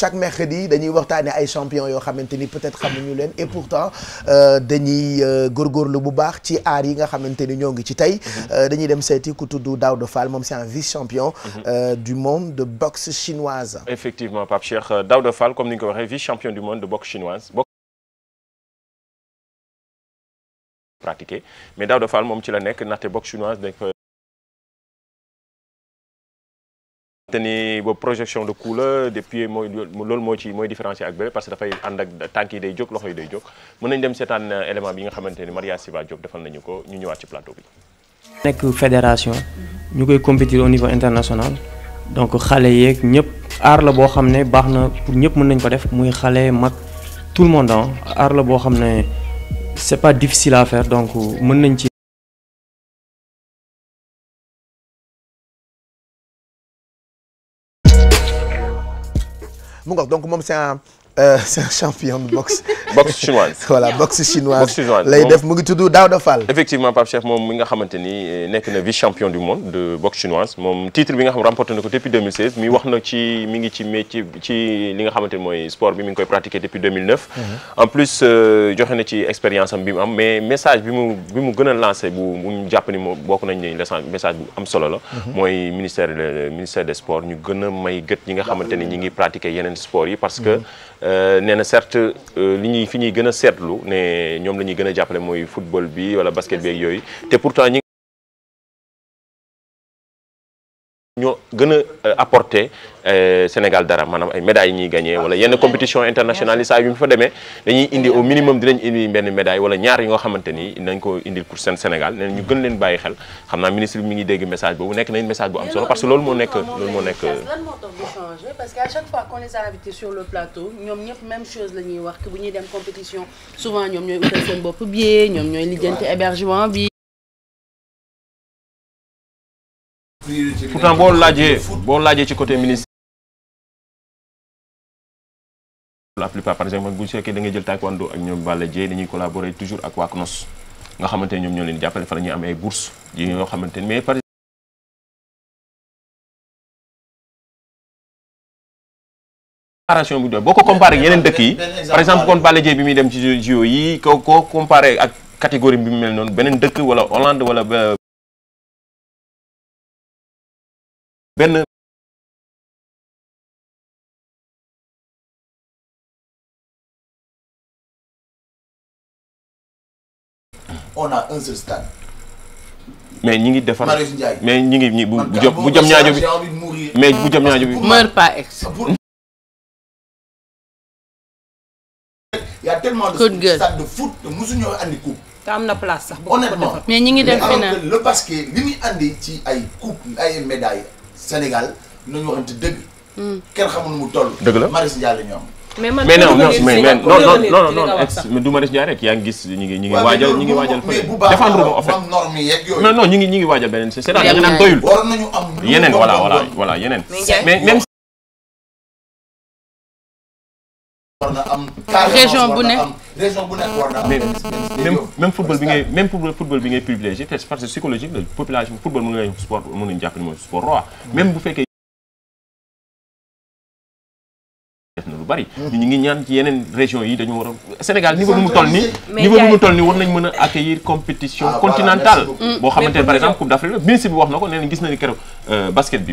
chaque mercredi dañuy waxtaanee ay champion yoo xamante ni peut-être xamuñu leen et pourtant góor euh, euh, góorgóorlu bu baax ci aar yi nga xamante ni ñoo ngi ci tey mhm. euh, dañuy dem seeti ku tudd Daouda Fall moom c'est un vice champion mhm. du monde de boxe chinoise effectivement Pape Cheikh Daouda Fall comme ni nga ko waxee vice champion du monde de boxe chinoise mais Daouda Fall moom ci la nekk ndaxte boxe chinoise te ni boobu projection de couleur de pied mooy loolu moo ci mooy différencier ak bële parce que dafay ànd ak tànk yi day jóg loxo yi day jóg mën nañ dem seetaan euh, élément bi nga xamante ni Maria Siva Diop defal nañu ko ñu ñëwaat ci plateau bi. nekk fédération ñu koy compétir au niveau international donc xale yeeg ñëpp aar boo xam ne baax na pour ñëpp mën nañ ko def muy xale mag tout le monde ah. aar la boo xam ne c'est pas difficile à faire donc mën mu ngoog donc moom c'est un Euh, c'est un champion de boxe. boxe chinoise. voilà boxe chinoise. lay def mu ngi tudd Daouda Fall. effectivement Pape Cheikh moom mi nga xamante ni eh, nekk na vice champion du monde de boxe chinoise moom titre bi nga xam remporté na ko depuis 2016 mi ngi ci métier ci li nga xamante ni mooy sport bi mi ngi koy pratiquer depuis 2009. Mhm. en plus euh, joxe na ci expérience am bi mu am mais message bi mu bi mu gën a lancé bu mu jàpp ni moom bokk nañ ni message bu am solo la. Mhm. mooy ministère ministère des sports ñu gën a may gët ñi nga xamante ni ñi ngi pratiquer yeneen sport yi parce que. Mhm. Euh, nee na certes euh, li ñuy fi ñuy gën a seetlu ne ñoom la ñuy gën a jàppale mooy football bi wala basket bi ak yooyu te pourtant ñoo gën a euh, apporter euh, Sénégal dara maanaam ay médailles yi ñuy gagné wala yenn compétition internationales yi saa yu ñu fa demee dañuy indi au minimum dinañ indi benn médaille wala ñaar yi nga xamante ni nañ ko indil pour Sénégal nee ñu gën leen bàyyi xel xam naa ministre mi ngi dégg message boobu nekk nañ message bu am solo parce que loolu moo nekk loolu moo nekk. Euh, a invités sur le souvent ñoom ñooy utal seen bopp bi ñoom ñooy lijjanti hébergement pourtant boo laajee boo laajee ci côté ministre. la plupart par exemple bu fekkee da ngay jël taekwondo ak ñoom Balla Dieye dañuy collaborer toujours ak waa CNOS nga xamante ne ñoom ñoo leen jàppale fa la ñuy am ay bourse yi ñoo xamante ne mais par comparaison bu doy boo ko comparé yeneen dëkk yi par exemple kon Balla Dieye bi muy dem ci JO yi ko ko comparé ak catégorie bi mu mel noonu beneen dëkk wala Hollande wala euh, benn on mais ñi ngi defar Marius Ndiaye mais ñi ngi bu bu jëm bu ñaajo bi mais bu jëm ñaajo bi. meurt pas ex. y a tellement de stade de andi coupe. te am na place sax. mais ñi ngi def final le parce muy andi ci ay coupe ay médailles. Sénégal nañu waxante dëgg. Hmm. kenn xamul mu toll. dëgg la Marius Ndiaye la ñu am. mais man non non mais non non non du Marius Ndiaye rek yaa ngi gis ñu ngi ñu ngi waajal ñu ngi waajal fële défendre ma offre mais non ñu ngi ñu ngi waajal beneen c'est-à-dire nga naan doyul waroon nañu am yeneen voilà voilà voilà yeneen mais même war na am. région bu nekk région bu nekk war na am. même même football bi ngay bi ngay privilégié te que psychologique la population football mën nañu sport mën bu fekkee. def na lu bari. Hmm. ñu ngi ñaan ci yeneen région yi dañu war a Sénégal niveau bi mu toll nii. niveau bi mu toll nii war nañ mën a accueillir compétition ah, continental boo xamante ne par exemple Coupe d'Afrique la bi wax na ko nee nañ gis nañu keroog euh, basket bi.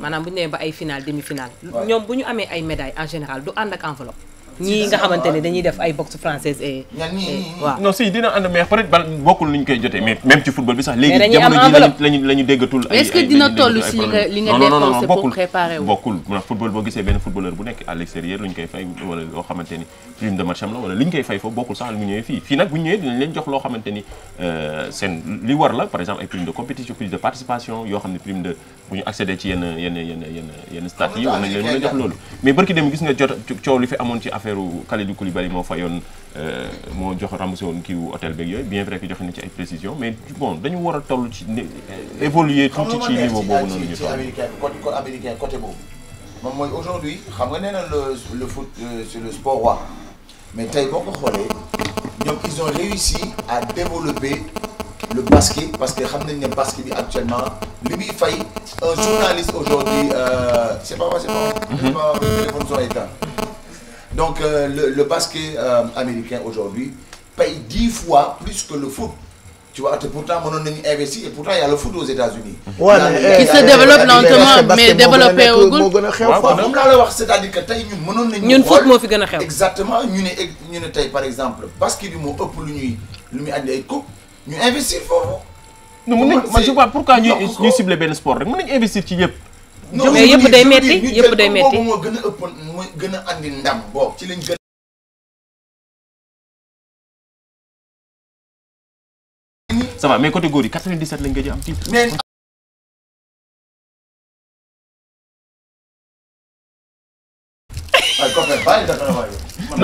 maanaam bu ñu nee ba ay final demi final. ñoom bu ñu amee ay médailles en général du ànd ak enveloppe. ñii si dina ànd mais peut être bokkul ni koy jotee mais même ci football bi sax léegi jamono ji lañu déggatul. ay dina toll si li nga li bokkul boo gisee benn footballeur bu nekk à l' extérieur koy fay wala loo xamante ni prime de match la wala li koy fay foofu bokkul sax mu ñëwee fii fii nag bu ñëwee dinañ leen jox loo xamante ni euh, seen li war la par exemple ay prime de compétition prime de participation yoo xam ne prime de bu ñu accédé affaire Kalidou Koulibaly moo fayoon euh, moo jox remboursé woon kii hôtel beeg yooyu bien vrai que joxe na ci ay précision mais bon dañu war a toll ci euh, évoluer tuuti ci niveau boobu noonu ñu toll américain côté américain côté boobu moom aujourd'hui xam nga nee na le le foot euh, c'est le sport roi mais tey boo ko xoolee ñoom ils ont réussi à développer le basket parce que xam nañ ne basket bi actuellement li muy fay un journaliste aujourd'hui c'est pas moi c'est pas moi téléphone son état Donc euh, le, le, basket euh, américain aujourd'hui paye 10 fois plus que le foot. Tu vois, pourtant, on a investi et pourtant, il y a le foot aux États-Unis. Ouais, eh, qui se développe lentement, mais développé au goût. C'est-à-dire que nous, nous, nous, foot Exactement, nous, nous, par exemple, parce qu'il nous a nous avons nous investissons. Nous, moi, je vois pourquoi nous, nous ciblons le sport. Nous investissons non mais yëpp day metti yëpp day metti moo gën a ëppoon mooy gën a andi ndam boobu ci lañ gën ça va mais lañ gëj a am titre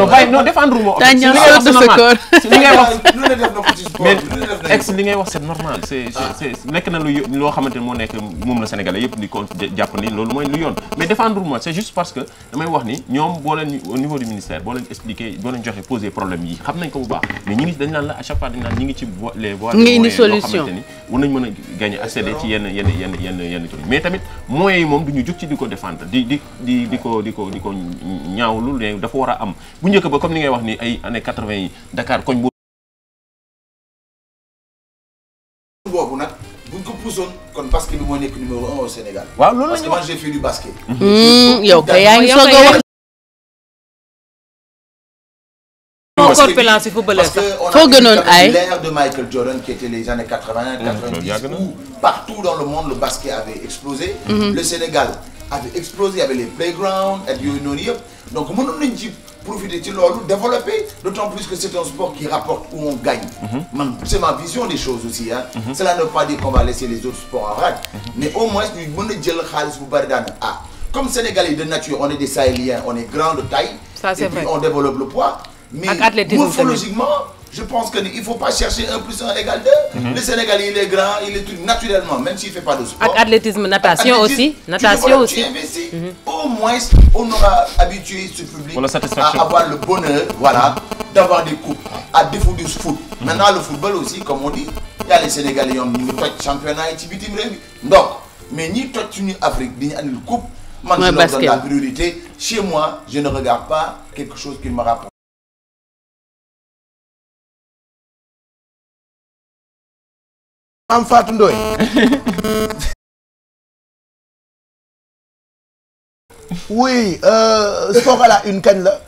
non waaye non défendre wu ma. tànn soo de sa kóor li ngay wax mais ex li ngay wax c'est normal. c'est ah. c'est nekk na lu loo xamante ni moo nekk moom la Sénégalais yëpp di ko jàpp ni loolu mooy lu yoon mais défendre wu ma c'est juste parce que damay wax ni ñoom boo leen au niveau du ministère boo leen expliquer boo leen joxe poser problème yi xam nañ ko bu baax mais ñi ngi dañ naan la à chaque fois dañ naan ñi ngi ci les voies nga indi solution ni war nañ mën a gagner accéder ci yenn yenn yenn yenn yenn truc mais tamit moyens yi moom duñu jug ci di ko défendre di di di di ko di ko di ko ñaawlu dafa war a am bu njëkk ba comme ni ngay wax ni ay année quatre-vingt yi Dakar koñ boobu. boobu nag buñ ko puusoon basket bi moo nekk Sénégal. waaw loolu la ñu wax parce que man j'ai fait du basket. Mm-hmm. Mm, yow kay a de Michael Jordan qui était les années 80 90 mm, mm-hmm. avait les playgrounds ak yooyu noonu yëpp donc profiter ci loolu développer d'autant plus que c'est un sport qui rapporte où on gagne mhm. man c'est ma vision des choses aussi ah cela ne pas dire qu'on va laisser les autres sports en mhm. mais au moins ñu mën a jël xaalis bu bari daana ah comme Sénégalais de nature on est des sahéliens on est grand de taille on développe le poids mais morphologiquement je pense que ni il faut pas chercher un plus un égale deux. Mhm. le Sénégal il est grand il est tout naturellement même s'il fait pas de sport. ak athlétisme natation aussi natation aussi investi mhm. au moins on aura habitué ce public. à avoir le bonheur. voilà d'avoir des coupes à défaut du foot. Mhm. maintenant le football aussi comme on dit y a les Sénégalais ñoom ñu championnat yi ci bitim donc mais ni toj suñu Afrique di ñu andil coupe. man je leur chez moi je maam Fatou Ndoye oui euh, Soxala une kañ la.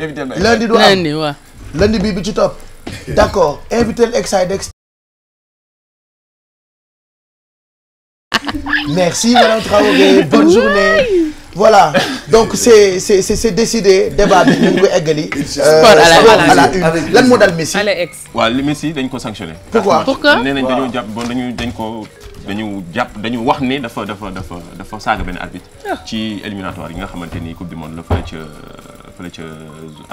évidemment lundi du am bi ci topp. d'accord invité Exidex. merci madame Traoré bonne journée. voilà donc c'est c'est c'est décidé débat bi ñu ngi ko sport euh, à la une lan moo dal Messi. waaw li Messi dañ ko sanctionné. pourquoi pourquoi nee nañ dañoo jàpp dañu dañ ko dañu jàpp dañu wax ne dafa dafa dafa dafa saaga benn arbitre. Ah. ci éliminatoire yi nga xamante ni coupe du monde la fële ca fële ca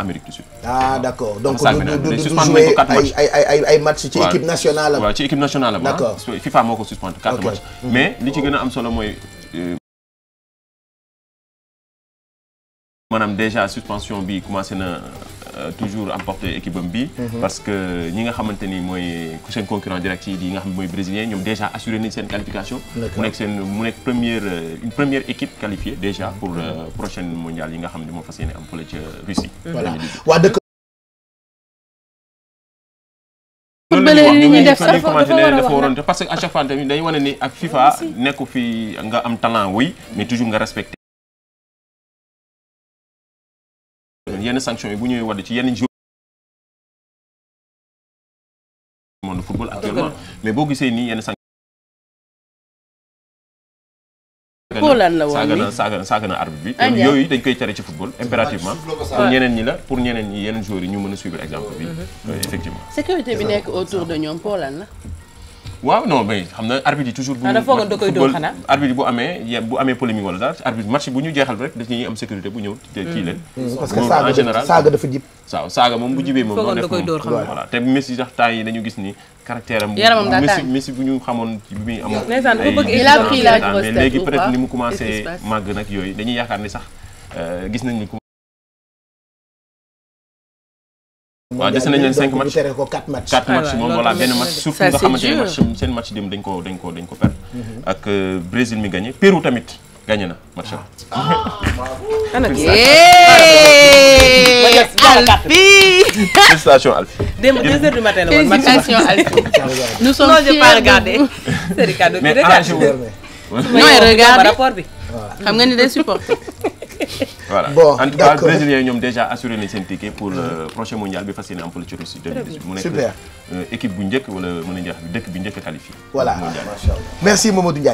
Amérique du Sud. ah d'accord donc du du du jouer ay match ci équipe nationale. ci équipe nationale la. FIFA moo ko suspendre quatre matchs. Mm-hmm. mais li ci gën a am solo mooy. Euh, maanaam déjà suspension bi commencé na euh, toujours emporter équipe am bi mhm. parce que ñi nga xamante ni mooy seen concurrent direct yi nga xam ne mooy ñoom déjà assuré nañ seen qualification mu nekk seen mu nekk première une première équipe pour euh, prochaine mondiale yi nga xam ne moo fas yéene am fële ca Russie voilà footballeur yi ñuy parce que à chaque fois tamit dañu wane ni ak FIFA nekku fi nga am talent oui mais toujours nga respecté yenn sanction yi bu ñuy wadd ci yenn monde football actuellement mais boo gisee nii yenn sanction saaga na saaga na saaga na arbitre bi yooyu dañ koy tere ci football impérativement pour ñeneen ñi la pour ñeneen ñi yenn joueurs yi ñu mën a suivre exemple bi mhm. effectivement sécurité bi nekk autour de ñoom pour lan la waaw non mais xam na arbitre yi toujours. bu ah, arbitre bu amee bu amee polémique wala daal arbitre match bu ñu jeexal rek dañuy am sécurité bu ñëw. Mm. dafa saaga jib. saaga moom bu jibee moom. foogoon da koy dóor xam voilà te Messi sax temps yi dañu gis ni. caractère am yaramam daa taal Messi bu xamoon bi muy amoon. léegi peut-être ni mu commencé màgg nag yooyu dañuy yaakaar ni sax euh, gis nañu waa dese nañ leen cinq match tere ko quatre match quatre match moom voilà benn match surtout nga xamante ne match seen match dem dañ ko dañ ko dañ mhm. ak euh, Brésil mi gagné Pérou tamit gagné na match am Alfi ah. ah, Félicitations Alfi démb deux regarde xam nga ni day supporter voilà bon en tout cas brésiliens ñoom déjà assuré nañ seen ticket pour le euh, mhm. prochain mondial bi fas yéene am fële ci Russie. super mu nekk euh, équipe bu njëkk wala mën nañu wax dëkk bi njëkk a qualifié. voilà macha allah merci Mamadou Ndiaye.